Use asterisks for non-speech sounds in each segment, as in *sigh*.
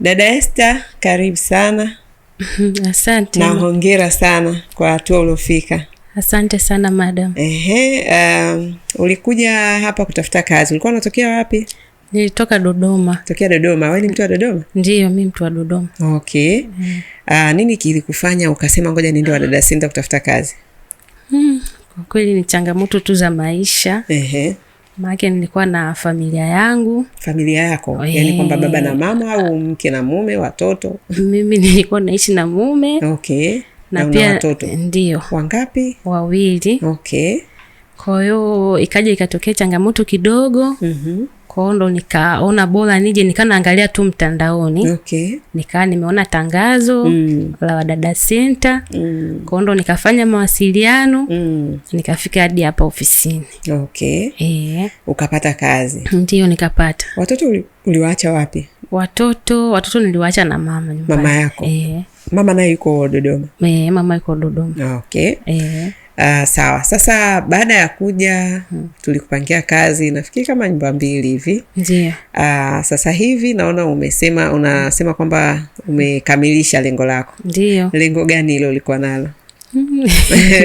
Dada Esther, karibu sana. *laughs* Asante na hongera sana kwa hatua uliofika. Asante sana madam. Ehe, um, ulikuja hapa kutafuta kazi, ulikuwa unatokea wapi? Nilitoka Dodoma. Tokea Dodoma. Wewe ni mtu wa Dodoma? Ndiyo, mi mtu wa Dodoma. Okay. Mm. Uh, nini kilikufanya ukasema ngoja niende Wadada Center kutafuta kazi? Mm, kwa kweli ni changamoto tu za maisha. Ehe maake nilikuwa na familia yangu. Familia yako oh, yani kwamba baba na mama au mke na mume, watoto? Mimi nilikuwa naishi na mume. Okay. na, na pia watoto ndio wangapi? Wawili. Okay. Kwa hiyo ikaja ikatokea changamoto kidogo. mm -hmm. Kwa ndo nikaona bora nije nikaa naangalia tu mtandaoni. Okay. Nikaa nimeona tangazo mm. la Wadada senta Mm. Kwa ndo nikafanya mawasiliano mm. nikafika hadi hapa ofisini. Okay. E. Ukapata kazi? ndio nikapata. Watoto uliwaacha wapi? Watoto watoto niliwaacha na mama nyumbani. Mama yako? E. Mama naye yuko Dodoma? E, mama yuko Dodoma. Okay. E. Uh, sawa. Sasa baada ya kuja tulikupangia kazi nafikiri kama nyumba mbili hivi. Ndio. Uh, sasa hivi naona umesema unasema kwamba umekamilisha lengo lako. Ndio. Lengo gani hilo ulikuwa nalo?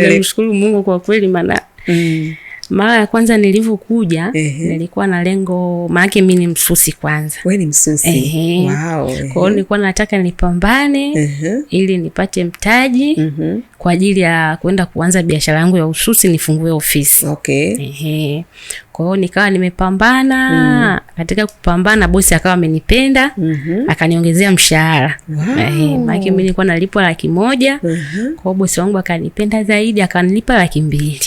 *laughs* Namshukuru Mungu kwa kweli maana mm. Mara ya kwanza nilivyokuja nilikuwa na lengo, maanake mi ni msusi kwanza. Wewe ni msusi. Ehe. Wow. Kwa hiyo nilikuwa nataka nipambane Ehe. ili nipate mtaji Ehe. Mhm. kwa ajili ya kwenda kuanza biashara yangu ya ususi nifungue ofisi. Okay. Ehe. Kwa hiyo nikawa nimepambana mm. Katika kupambana bosi akawa amenipenda mm -hmm. Akaniongezea mshahara wow. Maanake mi nilikuwa nalipwa laki moja mm -hmm. Kwa hiyo bosi wangu akanipenda zaidi akanilipa laki mbili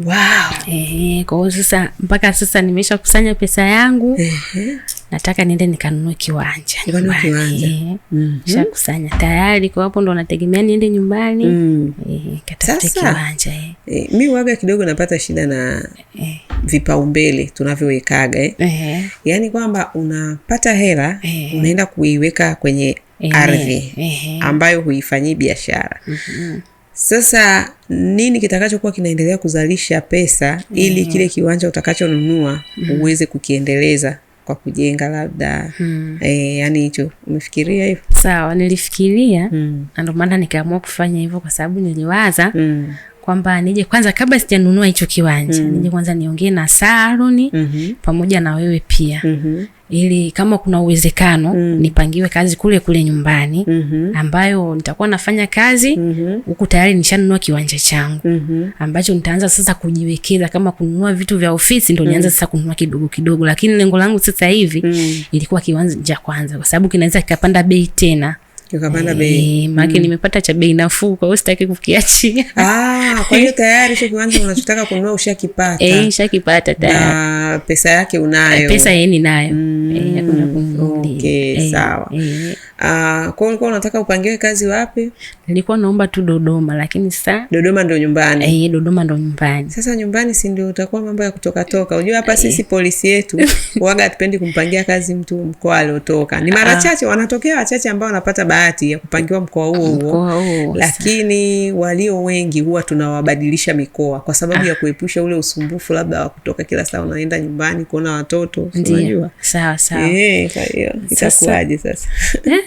Wow. Eh, kwa hiyo sasa mpaka sasa kusanya pesa yangu. Ehe. Nataka niende nikanunue kiwanja. Nikanunue kiwanja. Mm -hmm. tayari kwa hapo ndo nategemea niende nyumbani. Mm. Eh, katafute kiwanja eh. Eh, mi waga kidogo napata shida na eh, vipaumbele tunavyowekaga eh. Eh. Yaani kwamba unapata hela eh, unaenda kuiweka kwenye eh, ardhi eh, ambayo huifanyii biashara. Mm -hmm. Sasa nini kitakachokuwa kinaendelea kuzalisha pesa ili mm-hmm. kile kiwanja utakachonunua mm-hmm. uweze kukiendeleza kwa kujenga labda hmm. E, yani hicho umefikiria hivyo? Sawa, nilifikiria hmm. Ndio maana nikaamua kufanya hivyo kwa sababu niliwaza hmm. kwamba nije kwanza kabla sijanunua hicho kiwanja hmm. nije kwanza niongee na Saruni hmm. pamoja na wewe pia hmm ili kama kuna uwezekano mm. nipangiwe kazi kule kule nyumbani mm -hmm. ambayo nitakuwa nafanya kazi mhm. huku mm -hmm. tayari nishanunua kiwanja changu mm -hmm. ambacho nitaanza sasa kujiwekeza kama kununua vitu vya ofisi ndo mm -hmm. nianza sasa kununua kidogo kidogo, lakini lengo langu sasa hivi mm -hmm. ilikuwa kiwanja cha kwanza, kwa sababu kinaweza kikapanda bei tena ikapanda eh, bei Maki mm. nimepata cha bei nafuu, kwa hiyo sitaki kukiachia. Ah, kwa hiyo *laughs* tayari sio kiwanja unachotaka kununua ushakipata. Eh, ushakipata tayari. Na pesa yake unayo. Pesa yeye ninayo. Eh, mm. Eh, okay, sawa. Eh. Ah, kwa hiyo unataka upangiwe kazi wapi? Nilikuwa naomba tu Dodoma, lakini sasa Dodoma ndio nyumbani. Eh, Dodoma ndio nyumbani. Sasa nyumbani si ndio utakuwa mambo ya kutoka toka. Unajua hapa sisi polisi yetu waga *laughs* hatupendi kumpangia kazi mtu mkoa aliotoka. Ni mara ah. chache wanatokea wachache ambao wanapata baadhi bahati ya kupangiwa mkoa huo huo, lakini walio wengi huwa tunawabadilisha mikoa kwa sababu ah, ya kuepusha ule usumbufu labda wa kutoka kila saa unaenda nyumbani kuona watoto, unajua sawa sawa. Eh, kwa hiyo itakuwaje sasa?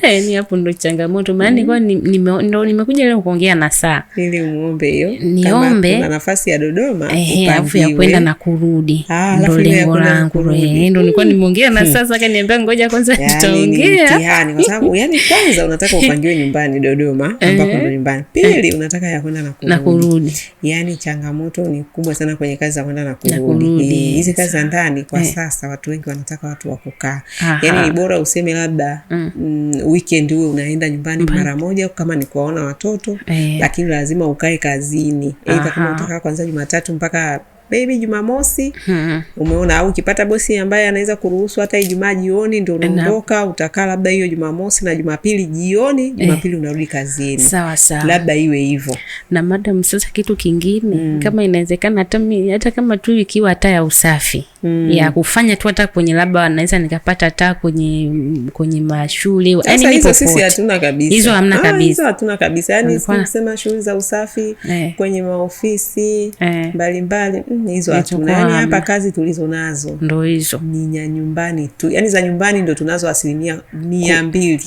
Eh, ni hapo ndo changamoto maana mm, ni, ni ndo nimekuja leo kuongea na saa ili muombe hiyo, niombe na nafasi ya Dodoma afu ya kwenda na kurudi, ah, ndo lengo langu, eh, ndo nilikuwa nimeongea na hmm. sasa, akaniambia ngoja kwanza tutaongea, yaani yani kwa sababu yani kwanza *laughs* unataka upangiwe nyumbani Dodoma eh. ambako ndo nyumbani, pili unataka ya kwenda na kurudi. Yani changamoto ni kubwa sana kwenye kazi za kwenda na kurudi. Hizi kazi za ndani kwa eh, sasa watu wengi wanataka watu wa kukaa, yani ni bora useme labda mm, mm weekend uwe unaenda nyumbani mara moja kama ni kuwaona watoto eh, lakini lazima ukae kazini, aidha kama unataka kwanza Jumatatu mpaka maybe Jumamosi hmm. Umeona, au ukipata bosi ambaye anaweza kuruhusu hata Ijumaa jioni ndio unaondoka, utakaa labda hiyo Jumamosi na Jumapili jioni, eh. Jumapili eh, unarudi kazini. Sawa sawa, labda iwe hivyo. Na madam, sasa kitu kingine hmm. kama inawezekana hata hata kama tu ikiwa hata ya usafi hmm. ya kufanya tu hata kwenye labda naweza nikapata hata kwenye kwenye mashule, yani hizo sisi hatuna kabisa, hizo hamna ah, kabisa, hizo hatuna kabisa, yani sema shughuli za usafi eh, kwenye maofisi eh. mbalimbali eh, mbali hizo hatunani hapa kazi tulizo nazo ndo hizo ni ya nyumbani tu, yani za nyumbani ndo tunazo asilimia mia mbili,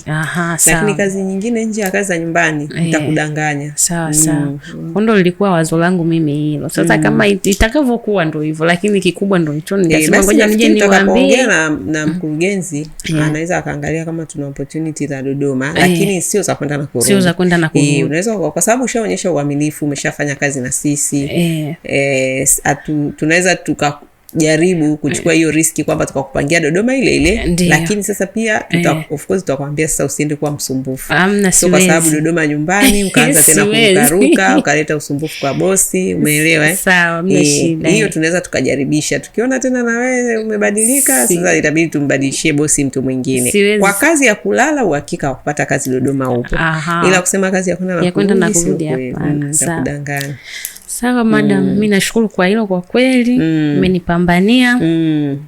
lakini kazi nyingine nje ya kazi za nyumbani eh. nitakudanganya. Sawa mm. sawa, ndo lilikuwa wazo langu mimi hilo. Sasa mm. kama itakavyokuwa ndo hivyo, lakini kikubwa ndo hicho. Eh, ngoja nije niwaambie na na mm. mkurugenzi mm. anaweza akaangalia kama tuna opportunity za Dodoma, eh. lakini sio za kwenda na kurudi, sio za kwenda na kurudi. Unaweza kwa sababu ushaonyesha uaminifu, umeshafanya kazi na sisi eh, hatu, tunaweza tukajaribu kuchukua hiyo riski kwamba tukakupangia Dodoma ile ile Ndiyo. lakini sasa pia tuta, yeah. of course tutakwambia sasa usiende kuwa msumbufu so kwa sababu Dodoma nyumbani ukaanza tena *laughs* kukaruka ukaleta usumbufu kwa bosi, umeelewa? Eh? Sawa, mna eh, hiyo, tunaweza tukajaribisha. Tukiona tena na wewe umebadilika, sasa itabidi tumbadilishie bosi mtu mwingine. Siwezi. Kwa kazi ya kulala, uhakika wa kupata kazi Dodoma upo, ila kusema kazi ya kwenda na kurudi hapana, kudanganya Sawa madam, mm. mi nashukuru kwa hilo kwa kweli mm. mmenipambania mm. mm.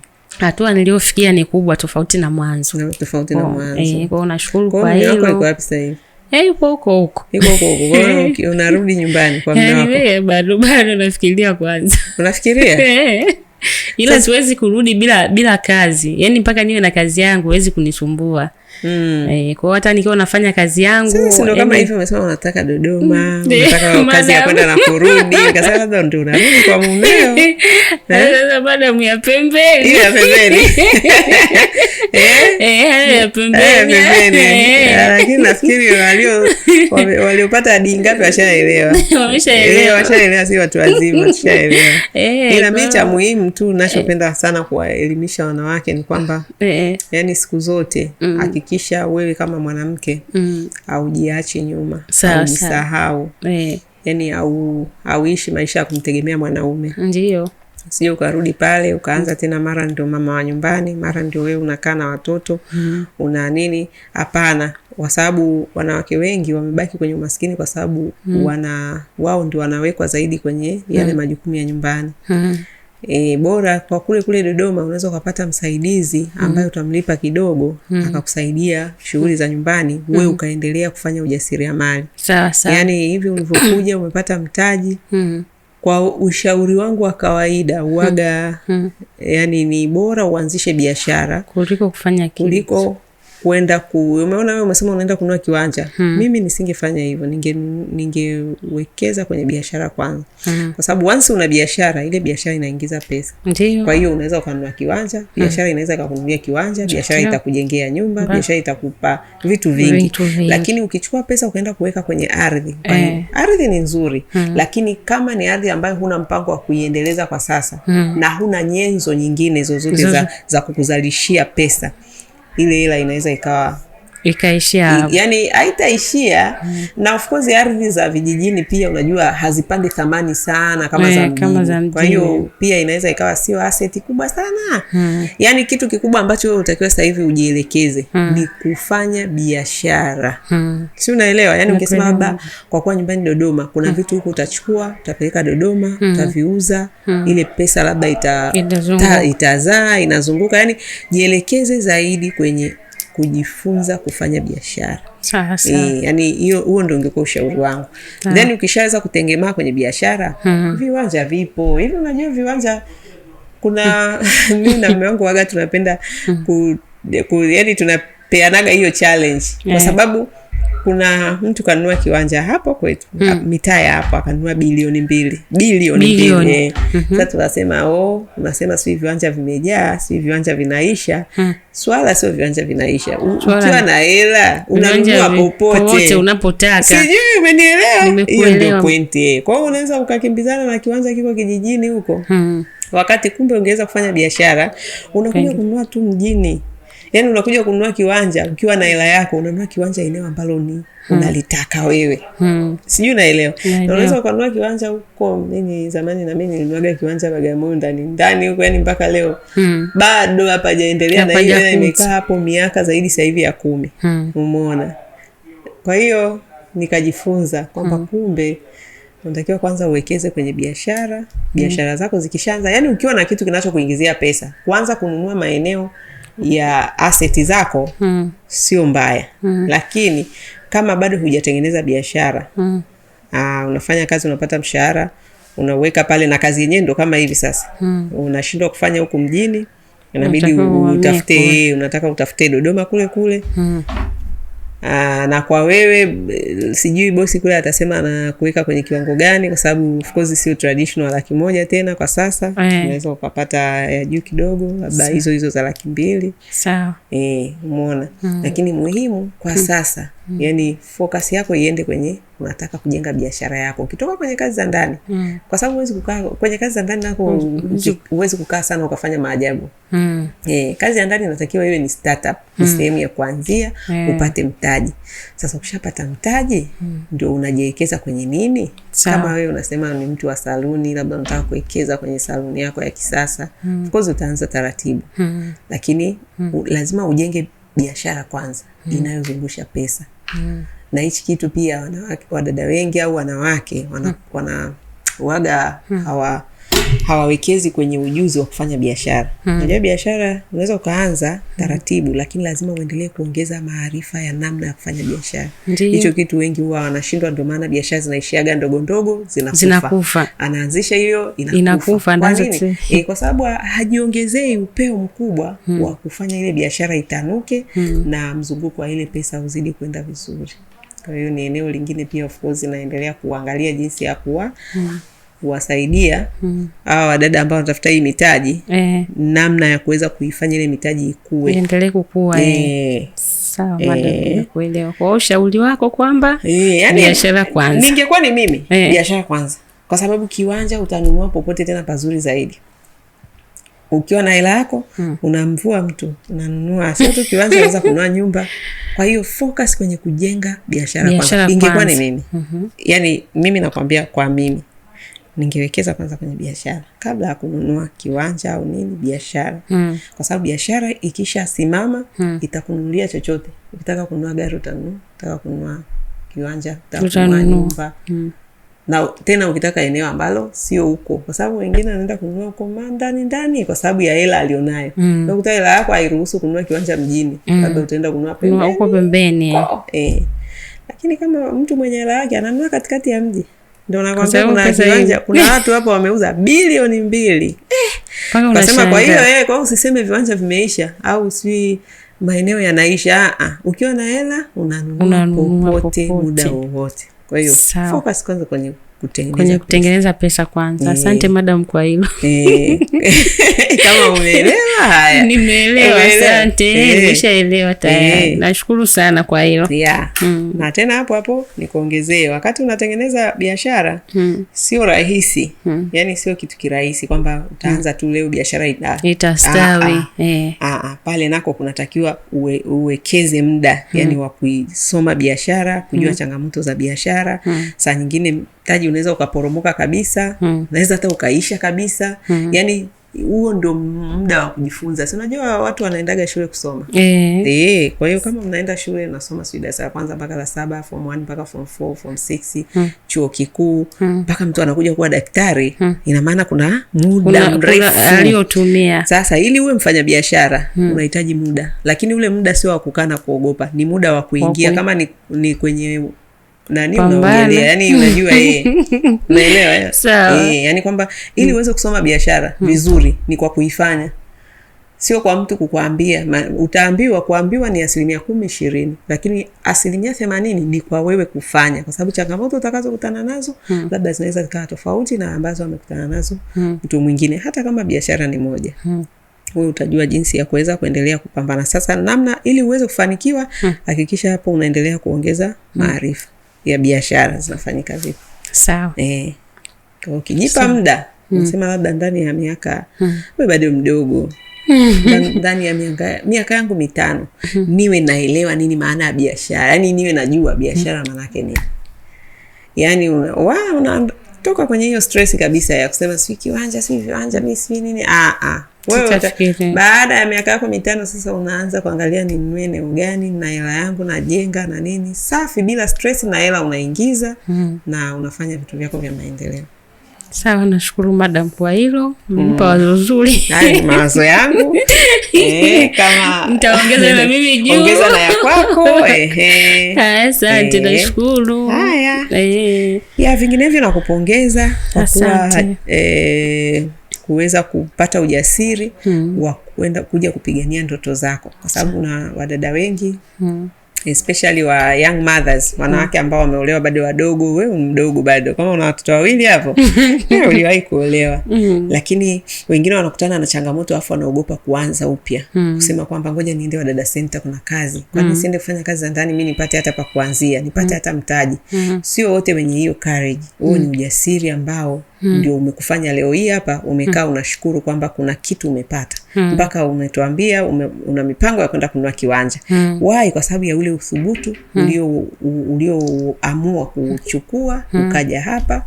hatua niliyofikia ni kubwa, tofauti na mwanzo tofauti na oh, mwanzo eh, kwa nashukuru kwa hilo. Iko wapi sasa hivi? Eh, ipo huko huko, iko huko huko. *laughs* Unarudi nyumbani kwa mume yaani wako? Bado bado nafikiria kwanza. Unafikiria *laughs* eh. ila siwezi kurudi bila bila kazi, yaani mpaka niwe na kazi yangu, huwezi kunisumbua mm. eh, kwao hata nikiwa nafanya kazi yangu ndo kama hivyo umesema unataka Dodoma mm. kazi ya *laughs* kwenda na kurudi *laughs* kasema ndo ndio unarudi kwa mumeo *laughs* eh? sasa madamu ya pembeni ya pembeni eh? Eh, ya pembeni ah, lakini nafikiri walio waliopata hadi ngapi washaelewa washaelewa si watu wazima tushaelewa ila mi cha muhimu tu nachopenda sana kuwaelimisha wanawake ni kwamba yani siku zote mm kuhakikisha wewe kama mwanamke mm. aujiachi nyuma, aujisahau e. Eh. Yani au auishi maisha ya kumtegemea mwanaume, ndio sije ukarudi pale ukaanza tena, mara ndio mama wa nyumbani, mara ndio wewe unakaa na watoto mm. una nini? Hapana, kwa sababu wanawake wengi wamebaki kwenye umaskini kwa sababu mm. wana wao ndio wanawekwa zaidi kwenye yale mm. majukumu ya nyumbani mm. E, bora kwa kule kule Dodoma unaweza ukapata msaidizi mm-hmm. ambaye utamlipa kidogo mm. akakusaidia shughuli za nyumbani mm. ukaendelea kufanya ujasiriamali sawa sawa. Yaani hivi ulivyokuja umepata mtaji mm. Kwa ushauri wangu wa kawaida uwaga mm. yani ni bora uanzishe biashara kuliko kufanya kitu kuliko kuenda ku umeona wewe umesema unaenda kunua kiwanja hmm. mimi nisingefanya hivyo ningewekeza ninge kwenye biashara kwanza hmm. kwa sababu once una biashara ile biashara inaingiza pesa Ndiyo. kwa hiyo unaweza ukanunua kiwanja hmm. biashara hmm. inaweza ikakununulia kiwanja biashara itakujengea nyumba biashara itakupa vitu vingi. vitu vingi lakini ukichukua pesa ukaenda kuweka kwenye ardhi eh. ardhi ni nzuri hmm. lakini kama ni ardhi ambayo huna mpango wa kuiendeleza kwa sasa hmm. na huna nyenzo nyingine zozote za, za kukuzalishia pesa ile hela inaweza ikawa ikaishia Yani haitaishia mm. na of course ardhi za vijijini pia unajua hazipandi thamani sana kama we, eh, za mjini. Kwa hiyo pia inaweza ikawa sio asset kubwa sana mm. yani kitu kikubwa ambacho wewe utakiwa sasa hivi ujielekeze mm. ni kufanya biashara mm. si unaelewa? Yani ungesema labda kwa kuwa nyumbani Dodoma kuna mm. vitu huko utachukua utapeleka Dodoma mm. utaviuza mm. ile pesa labda ita, itazaa inazunguka. Yani jielekeze zaidi kwenye kujifunza kufanya biashara. E, yani hiyo huo ndo ungekuwa ushauri wangu. Ah. Then ukishaweza kutengemaa kwenye biashara mm -hmm. viwanja vipo hivi, unajua viwanja kuna *laughs* mimi na mme wangu waga tunapenda hmm. ku, ku, yani tunapeanaga hiyo challenge kwa eh. sababu kuna mtu kanunua kiwanja hapo kwetu mm. mitaa ya hapo akanunua bilioni mbili bilioni mbili. Eh. Mhm. Sasa tunasema o, oh, unasema sii viwanja vimejaa, si viwanja vinaisha mm. Swala sio viwanja vinaisha, ukiwa na hela unanunua popote unapotaka, sijui umenielewa? Hiyo ndio pointi. Eh. unaweza ukakimbizana na kiwanja kiko kijijini huko mm. wakati kumbe ungeweza kufanya biashara, unakuja kununua tu mjini yani unakuja kununua kiwanja ukiwa na hela yako, unanunua kiwanja eneo ambalo ni hmm. unalitaka wewe hmm. sijui unaelewa, na unaweza ukanunua kiwanja huko. Mimi zamani na mimi nilinuaga kiwanja Bagamoyo ndani ndani huko, yani mpaka leo hmm. bado hapajaendelea na hiyo imekaa hapo miaka zaidi sasa hivi ya kumi hmm. umona Kwa hiyo nikajifunza kwamba hmm. kumbe unatakiwa kwanza uwekeze kwenye biashara, hmm. biashara zako zikishaanza, yani ukiwa na kitu kinachokuingizia pesa, kwanza kununua maeneo ya aseti zako mm. sio mbaya mm. lakini kama bado hujatengeneza biashara mm. unafanya kazi unapata mshahara unaweka pale na kazi yenyewe ndo kama hivi sasa mm. unashindwa kufanya huku mjini inabidi utafute, unataka utafute Dodoma kule kule mm. Aa, ah, na kwa wewe sijui bosi kule atasema na kuweka kwenye kiwango gani, kwa sababu of course sio traditional laki moja tena kwa sasa eh. Unaweza ukapata ya juu kidogo, labda hizo hizo za laki mbili sawa e, umeona mm. Lakini muhimu kwa mm. sasa mm. yani focus yako iende kwenye unataka kujenga biashara yako ukitoka kwenye kazi za ndani mm. kwa sababu huwezi kukaa kwenye kazi za ndani nako huwezi mm. kukaa sana ukafanya maajabu mm. eh, kazi ya ndani inatakiwa iwe ni startup ni mm. sehemu ya kuanzia mm. upate mtaji sasa ukishapata mtaji mm. ndio unajiwekeza kwenye nini Sao. kama wewe unasema ni mtu wa saluni labda unataka kuwekeza kwenye saluni yako ya kisasa mm. of course utaanza taratibu mm. lakini mm. lazima ujenge biashara kwanza mm. inayozungusha pesa mm. na hichi kitu pia wanawake, wadada wengi au wanawake wana, mm. wana waga mm. hawa hawawekezi kwenye ujuzi wa kufanya biashara hmm. biashara unaweza ukaanza taratibu hmm. Lakini lazima uendelee kuongeza maarifa ya namna ya kufanya biashara. Hicho kitu wengi huwa wanashindwa, ndio maana biashara zinaishiaga ndogondogo, zinakufa, zinakufa. Anaanzisha hiyo inakufa. Kwa nini? E, kwa sababu hajiongezei upeo mkubwa hmm. wa kufanya ile biashara itanuke hmm. na mzunguko wa ile pesa uzidi kwenda vizuri. Kwa hiyo ni eneo lingine pia, of course, inaendelea kuangalia jinsi ya kuwa hmm kuwasaidia mm. hawa wadada ambao wanatafuta hii mitaji eh. namna ya kuweza kuifanya ile mitaji ikue iendelee kukua eh. eh. Sawa, eh. ushauri wako kwamba eh, yani, kwanza. Ningekuwa ni mimi eh. biashara kwanza, kwa sababu kiwanja utanunua popote tena pazuri zaidi ukiwa na hela yako hmm. unamvua mtu unanunua, sio tu kiwanja, unaweza *laughs* kununua nyumba. Kwa hiyo focus kwenye kujenga biashara kwanza. Ingekuwa ni mimi mm -hmm. Yani mimi nakwambia kwa mimi ningewekeza kwanza kwenye biashara kabla ya kununua kiwanja au nini, biashara mm. kwa sababu biashara ikishasimama mm. itakununulia chochote. Ukitaka kununua gari utanunua, ukitaka kununua kiwanja utanunua nyumba mm. na tena ukitaka eneo ambalo sio huko, kwa sababu wengine anaenda kununua huko ndani ndani kwa sababu ya hela alionayo mm. Unakuta hela yako hairuhusu kununua kiwanja mjini mm. labda utaenda kununua pembeni huko pembeni eh. Lakini kama mtu mwenye hela yake ananunua katikati ya mji ndio nakwambia kuna viwanja, kuna watu *laughs* hapo wameuza bilioni mbili eh. Kasema kwa hiyo eh, kwa usiseme viwanja vimeisha au sijui maeneo yanaisha. A, ah, ah, ukiwa na hela unanunua popote muda wowote. Kwa hiyo focus kwanza kwenye kutengeneza kutengeneza pesa, pesa kwanza. Eh. Asante madam kwa hilo e. *laughs* kama umeelewa haya, nimeelewa. Asante, eh, nimeshaelewa tayari. Nashukuru sana kwa hilo yeah. mm. na tena hapo hapo nikuongezee, wakati unatengeneza biashara mm. sio rahisi mm. yani sio kitu kirahisi kwamba utaanza mm. tu leo biashara ah, itastawi ah, ah. eh. Pale nako kunatakiwa uwe, uwekeze muda yaani mm. wa kuisoma biashara, kujua mm. changamoto za biashara mm. saa nyingine mtaji unaweza ukaporomoka kabisa mm. unaweza hata ukaisha kabisa hmm. yani huo ndo muda wa kujifunza. Si unajua watu wanaendaga shule kusoma e. E, kwa hiyo kama mnaenda shule nasoma sijui darasa la kwanza mpaka la saba, form one mpaka form four, form six hmm. chuo kikuu hmm. mpaka hmm. mtu anakuja kuwa daktari hmm. ina maana kuna muda mrefu aliotumia. Sasa ili uwe mfanya biashara hmm. unahitaji muda, lakini ule muda sio wa kukaa na kuogopa, ni muda wa kuingia okay. kama ni, ni kwenye nani yaani unajua yeye *laughs* unaelewa eh? eh, yani kwamba ili mm. uweze kusoma biashara mm. vizuri ni kwa kuifanya, sio kwa mtu kukuambia. Utaambiwa, kuambiwa ni asilimia kumi ishirini, lakini asilimia themanini ni kwa wewe kufanya, kwa sababu changamoto utakazokutana nazo hmm, labda zinaweza zikawa tofauti na ambazo amekutana nazo mm. mtu hmm, mwingine, hata kama biashara ni moja hmm. Wewe utajua jinsi ya kuweza kuendelea kupambana. Sasa namna ili uweze kufanikiwa, hakikisha hmm, hapo unaendelea kuongeza maarifa hmm ya biashara zinafanyika vipi. Sawa eh, kwa ukijipa muda hmm. nasema labda ndani ya miaka hmm. wewe bado mdogo *laughs* ndani ya miaka miaka yangu mitano hmm. niwe naelewa nini maana ya biashara, yani niwe najua biashara maanake nini. Yani una, wa, una, toka kwenye hiyo stress kabisa ya kusema sijui kiwanja si viwanja mi si nini. Ah, ah. Wewe baada ya miaka yako mitano sasa unaanza kuangalia ni mmene ugani na hela yangu najenga na nini. Safi, bila stress na hela unaingiza mm. na unafanya vitu vyako vya maendeleo. Sawa, nashukuru madam kwa hilo, mm. wazo zuri. *laughs* mawazo yangu *laughs* eh, kama nitaongeza na mimi juu, ongeza na ya kwako. *laughs* Ehe, asante, eh. nashukuru. Haya, eh, ya vinginevyo nakupongeza kwa kuwa eh, kuweza kupata ujasiri hmm, wa kwenda kuja kupigania ndoto zako, kwa sababu na wadada wengi hmm especially wa young mothers, wanawake mm. ambao wameolewa bado wadogo. we mdogo bado, kama una watoto wawili hapo *laughs* uliwahi kuolewa mm. Lakini wengine wanakutana na changamoto afu wanaogopa kuanza upya mm. Kusema kwamba ngoja niende Wadada senta kuna kazi, kwani mm. siende kufanya kazi za ndani, mi nipate hata pa kuanzia, nipate mm. hata mtaji mm. Sio wote wenye hiyo courage. Huo mm. ni ujasiri ambao hmm. ndio umekufanya leo hii hapa umekaa hmm. unashukuru kwamba kuna kitu umepata hmm. mpaka umetuambia ume, una mipango ya kwenda kunua kiwanja hmm. wai kwa sababu ya ule uthubutu hmm. ulioamua ulio hmm. ukaja hapa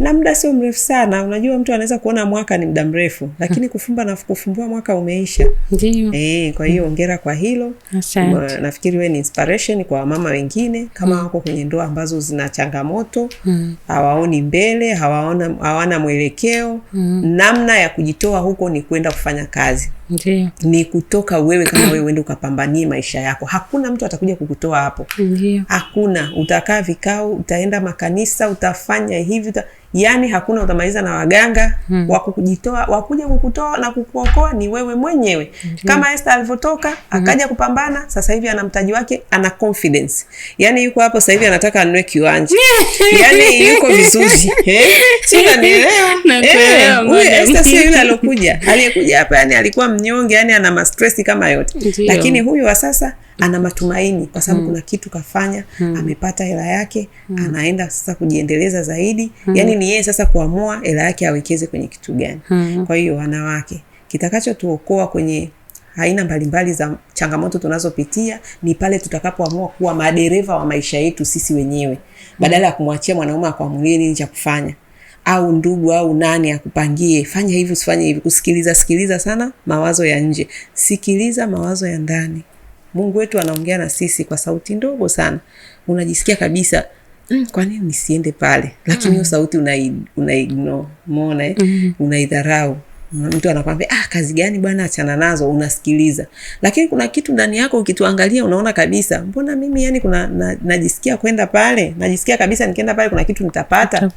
na muda sio mrefu sana. Unajua, mtu anaweza kuona mwaka ni muda mrefu, lakini kufumba na kufumbua mwaka umeisha. Ndio eh. Kwa hiyo ongera kwa hilo. Asante. Nafikiri wewe ni inspiration kwa mama wengine kama mm. wako kwenye ndoa ambazo zina changamoto mm. hawaoni mbele, hawaona hawana mwelekeo mm. namna ya kujitoa huko ni kwenda kufanya kazi Ndiyo. ni kutoka wewe kama wewe uende ukapambanie maisha yako. Hakuna mtu atakuja kukutoa hapo. Ndiyo. Hakuna, utakaa vikao, utaenda makanisa, utafanya hivi uta... yani hakuna, utamaliza na waganga hmm. wakukujitoa wakuja kukutoa na kukuokoa ni wewe mwenyewe Ndiyo. kama Esther alivyotoka hmm. akaja hmm. kupambana, sasa hivi ana mtaji wake, ana confidence, yani yuko hapo sasa hivi anataka anunue kiwanja *laughs* yani yuko vizuri eh, sio, unanielewa? *laughs* Eh, huyu Esther sio yule aliyokuja aliyekuja hapa, yani alikuwa mnyonge, yani ana mastresi kama yote Ndiyo. Lakini huyu wa sasa mm. ana matumaini kwa sababu mm. kuna kitu kafanya mm. amepata hela yake mm. anaenda sasa kujiendeleza zaidi mm. yani ni yeye sasa kuamua hela yake awekeze kwenye kitu gani mm. kwa hiyo wanawake, kitakachotuokoa kwenye aina mbalimbali za changamoto tunazopitia ni pale tutakapoamua kuwa madereva wa maisha yetu sisi wenyewe, badala ya kumwachia mwanaume akuamulie nini cha kufanya au ndugu au nani akupangie fanya hivi usifanye hivi. Kusikiliza sikiliza sana mawazo ya nje, sikiliza mawazo ya ndani. Mungu wetu anaongea na sisi kwa sauti ndogo sana, unajisikia kabisa Mm, kwa nini nisiende pale? Lakini hiyo mm. sauti unai, unaignore, umeona eh? mm -hmm. Unaidharau. Mtu anakwambia ah, kazi gani bwana, achana nazo, unasikiliza. Lakini kuna kitu ndani yako ukituangalia, unaona kabisa, mbona mimi yani kuna na, najisikia kwenda pale, najisikia kabisa nikienda pale kuna kitu nitapata,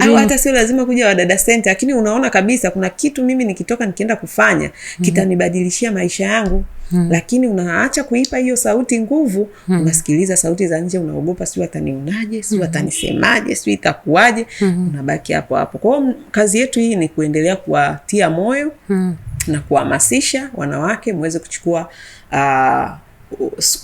au hata sio lazima kuja Wadada Center, lakini unaona kabisa kuna kitu mimi nikitoka nikienda kufanya mm-hmm. kitanibadilishia maisha yangu. Hmm. lakini unaacha kuipa hiyo sauti nguvu hmm. unasikiliza sauti za nje, unaogopa, si atanionaje, si watanisemaje, hmm. si itakuwaje hmm. unabaki hapo hapo. Kwa hiyo kazi yetu hii ni kuendelea kuwatia moyo hmm. na kuhamasisha wanawake muweze kuchukua uh,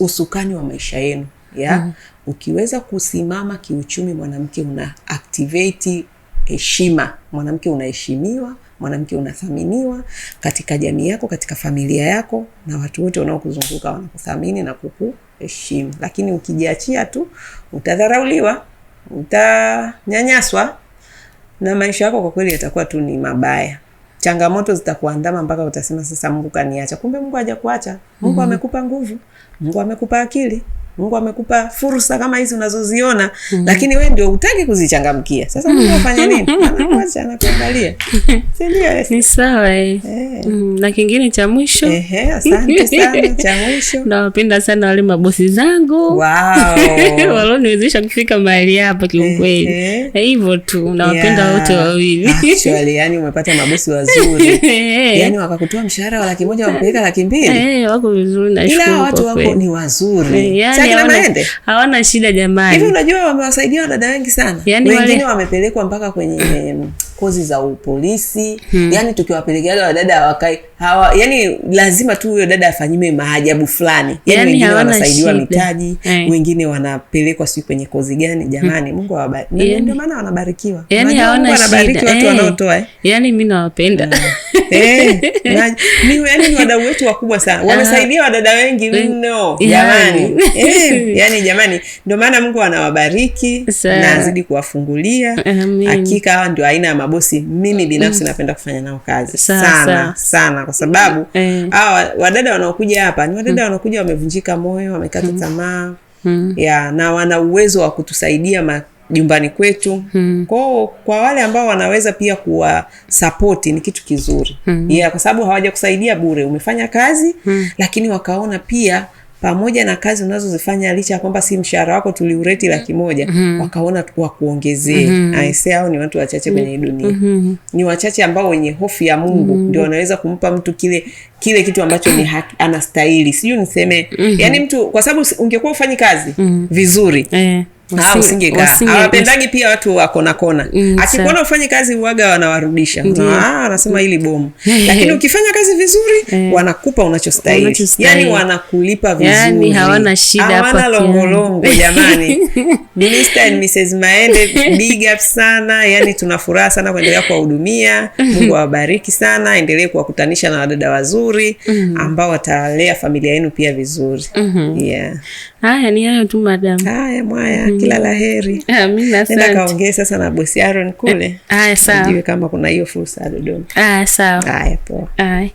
usukani wa maisha yenu ya hmm. ukiweza kusimama kiuchumi, mwanamke una activate heshima, mwanamke unaheshimiwa mwanamke unathaminiwa katika jamii yako, katika familia yako, na watu wote wanaokuzunguka wanakuthamini na kukuheshimu. Lakini ukijiachia tu, utadharauliwa, utanyanyaswa na maisha yako kwa kweli yatakuwa tu ni mabaya. Changamoto zitakuandama mpaka utasema sasa, Mungu kaniacha. Kumbe Mungu hajakuacha. Mungu mm -hmm. amekupa nguvu, Mungu amekupa akili Mungu amekupa fursa kama hizi unazoziona mm Lakini wewe ndio utaki kuzichangamkia. Sasa mimi nafanya nini? *laughs* Anakuacha anakuangalia, si ndio? Ni sawa eh. eh. Mm, na kingine cha mwisho ehe, asante sana cha mwisho, *laughs* nawapenda sana wale mabosi zangu wow. *laughs* walioniwezesha kufika mahali hapa kiukweli, hivyo tu nawapenda yeah. wote wawili actually, yani umepata mabosi wazuri yani wakakutoa mshahara wa laki moja wakupeleka laki mbili eh, wako vizuri na shukrani. ila watu wako ni wazuri Yani, yani hawana shida jamani. Hivi unajua wamewasaidia wadada wengi sana, yani wengine wamepelekwa mpaka kwenye kozi za upolisi hmm. Yani tukiwapelekeaga wadada wakai hawa, yani lazima tu huyo dada afanyiwe maajabu fulani yani, yani wengine wanasaidiwa mitaji hey. Eh. Wengine wanapelekwa sijui kwenye kozi gani hmm. jamani hmm. Mungu awabariki yani, ndio yaani- maana wanabarikiwa yani, hawana wanabariki watu hey. Eh. wanaotoa eh. Yani mi nawapenda hey. Ah. Eh. *laughs* ni, yani ni wadau wetu wakubwa sana ah. wamesaidia wadada wengi mno yaani. jamani hey. *laughs* Yani jamani ndio maana Mungu anawabariki na azidi kuwafungulia hakika hawa ndio aina ya mabosi mimi binafsi mm. napenda kufanya nao kazi sana sana, sana kwa sababu eh. hawa wadada wanaokuja hapa ni wadada mm. wanaokuja wamevunjika moyo, wamekata mm. tamaa mm. ya na wana uwezo wa kutusaidia ma, jumbani kwetu hmm. Kwao kwa wale ambao wanaweza pia kuwasapoti ni kitu kizuri hmm. Yeah, kwa sababu hawajakusaidia bure, umefanya kazi hmm. Lakini wakaona pia pamoja na kazi unazozifanya licha ya kwamba si mshahara wako tuliureti laki mm-hmm. moja mm -hmm. wakaona wakuongezee mm -hmm. aise, au ni watu wachache kwenye hii dunia mm -hmm. ni wachache ambao wenye hofu ya Mungu mm -hmm. ndio wanaweza kumpa mtu kile kile kitu ambacho ni haki, anastahili. Sijui niseme mm -hmm. yani mtu kwa sababu ungekuwa ufanyi kazi mm -hmm. vizuri mm wapendangi pia watu wakonakona Mm, akikuona ufanye kazi uwaga wanawarudisha, ah, anasema hili bomu. *laughs* Lakini ukifanya kazi vizuri eh. wanakupa unachostahili, yani wanakulipa vizuri, yani hawana shida, hawana longolongo. Jamani, *laughs* Maende, big up sana. Yani tuna furaha sana kuendelea kuwahudumia. Mungu awabariki sana, endelee kuwakutanisha na wadada wazuri mm-hmm. ambao watalea familia yenu pia vizuri. Mm-hmm. Haya, ni hayo tu madam. Haya mwaya kila mm. la heri. Ah, Nenda kaongee sasa na bosi Aaron kule, eh, ajue kama kuna hiyo fursa ya Dodoma. Haya, poa.